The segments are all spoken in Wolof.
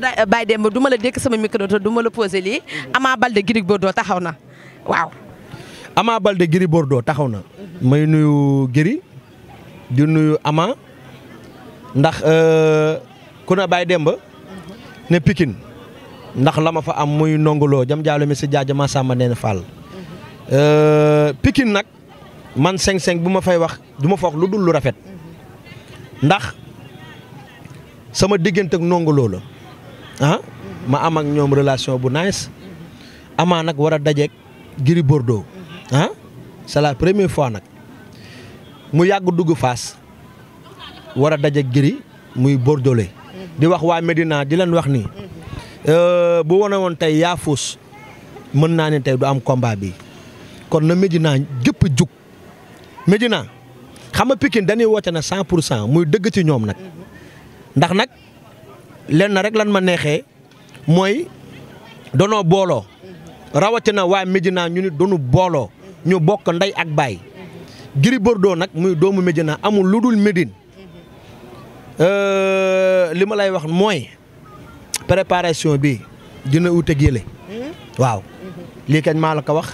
baay euh, Demba du ma la dekk sama micro te du ma la posé lii Ama Baldé Gris Bordeaux taxaw na waaw. Ama Baldé Gris Bordeaux taxaw na. may nuyu Gris di nuyu Ama ndax euh, ku na Baye Demba ne Pikine ndax la ma fa am muy nongoloo jam jaalo mi si jaaja ma sàmma neen Fall. Euh, Pikine nag man 5-5 bu ma fay wax du ma fa wax lu dul lu rafet ndax sama diggante ak nongoloo la. Ah, ma am ak ñoom relation bu nice amaa nag war a dajeeg Gris Bordeaux ah c'est la première fois nag mu yàgg dugg Fass war a dajeeg Gris muy Bordeaux di wax waa médina di leen wax ni euh, bu wane woon tey Yaafus mën naa ne tey du am combat bi kon na Medina jëpp jug Medina xam nga Pikine dañuy woote na cent pour cent muy dëgg ci ñoom nag ndax nag. lenn rek lan ma neexee mooy danoo booloo rawatina waa Médina ñu ni doonu booloo ñu bokk ndey ak baay Gris doo nag muy doomu Médina amul lu dul Médine euh, li ma lay wax mooy préparation bi dina uteeg yële waaw lii kañ maa la ko wax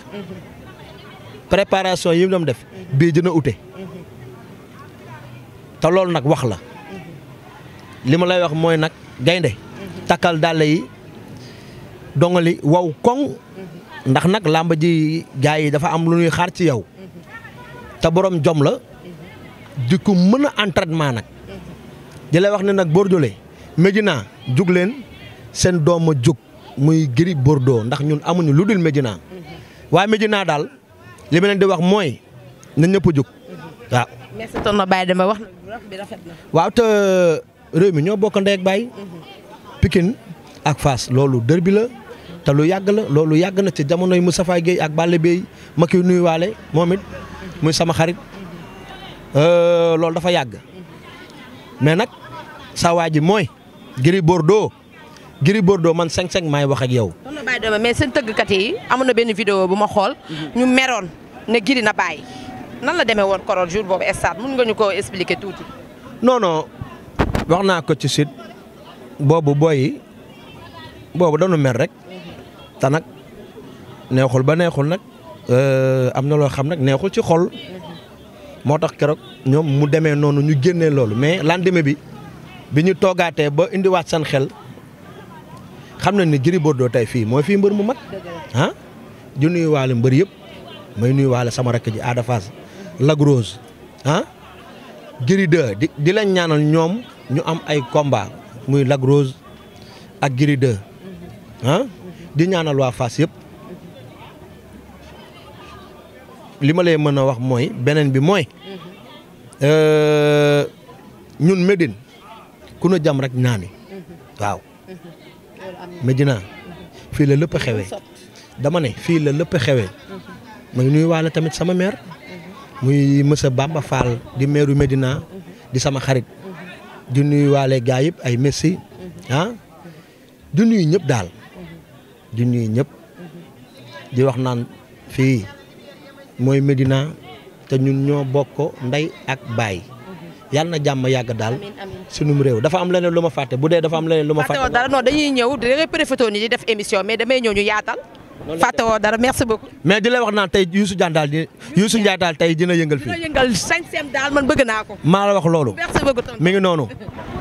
préparation yi mu def bi dina ute te loolu nag wax la li ma lay wax mooy nag gaynde takkal dàll yi dongali waw koŋ ndax nag làmb ji gaay yi dafa am lu ñuy xaar ci yow te boroom jomla la mën a entraînement nag di wax na nag Bordeaux Médina jug leen seen doom a jug muy Gris Bordeaux ndax ñun amuñu lu dul Médina waaye Médina daal li ma di wax mooy na ñëpp jug waaw. waaw te réew mi ñoo bokk ndey ak baay. ak Fass loolu derby la. te lu yàgg la loolu yàgg na ci jamonoy Moustapha Guèye ak Balla Bèye ma koy nuyuwaale moom it muy sama xarit euh, loolu dafa yàgg mais nag sa waa ji mooy Gris Bordeaux Gris Bordeaux man 5-5 maay wax ak yow. loolu bàyyi mais seen tëggkat yi amoon na benn vidéo bu ma xool. Mhm. ñu meroon ne Gris na bàyyi. nan la demee woon koroon jour boobu stade mun nga ñu ko expliquer tuuti. noonoo wax naa ko ci sit boobu booyi boobu dañu mer rek te nag neexul ba neexul nag euh, am na loo xam nag neexul ci xol moo tax keroog ñoom mu demee noonu ñu génnee loolu mais lendemain bi bi ñu toogaatee boo indiwaat seen xel xam na ni Gris Bordeaux tey fii mooy fii mbër mu mag jënuy ah, di mbër yëpp mooy may nuyuwaale sama rakk ji Ada Fass Lac Rose ah, di lañ leen ñaanal ñoom ñu am ay combat muy Lac Rose ak Gris di ñaanal waa Fass yëpp li ma lay mën a wax mooy beneen bi mooy euh, ñun medin ku na jam rek naani waaw medina fii la lëpp a dama ne fii la lëpp a xewee ma ngi nuyu waale tamit sama maire muy monsieur Bamba Fall di maire Médina di sama xarit di nuyu waale gaa yëpp ay messi mhm. ah di nuyu ñëpp daal mhm. di nuyu ñëpp di wax naan fii mooy Medina te ñun ñoo bokk ndey ak baay mhm. yàlla na jàmm yàgg daal sunum réew dafa am leneen lu ma fàtte bu dee dafa am leneen lu ma fàtte. dara non dañuy ñëw dangay préfétoon ni di def émission mais damay ñëw ñu yaatal. fàtte woo dara merci beaucoup. mais di wax naan tey Youssou Diagne daal di Youssou Ndiaye daal tey dina yëngal fii. dina yëngal sañ daal man bëgg naa ko. maa la wax loolu. merci beaucoup mi ngi noonu.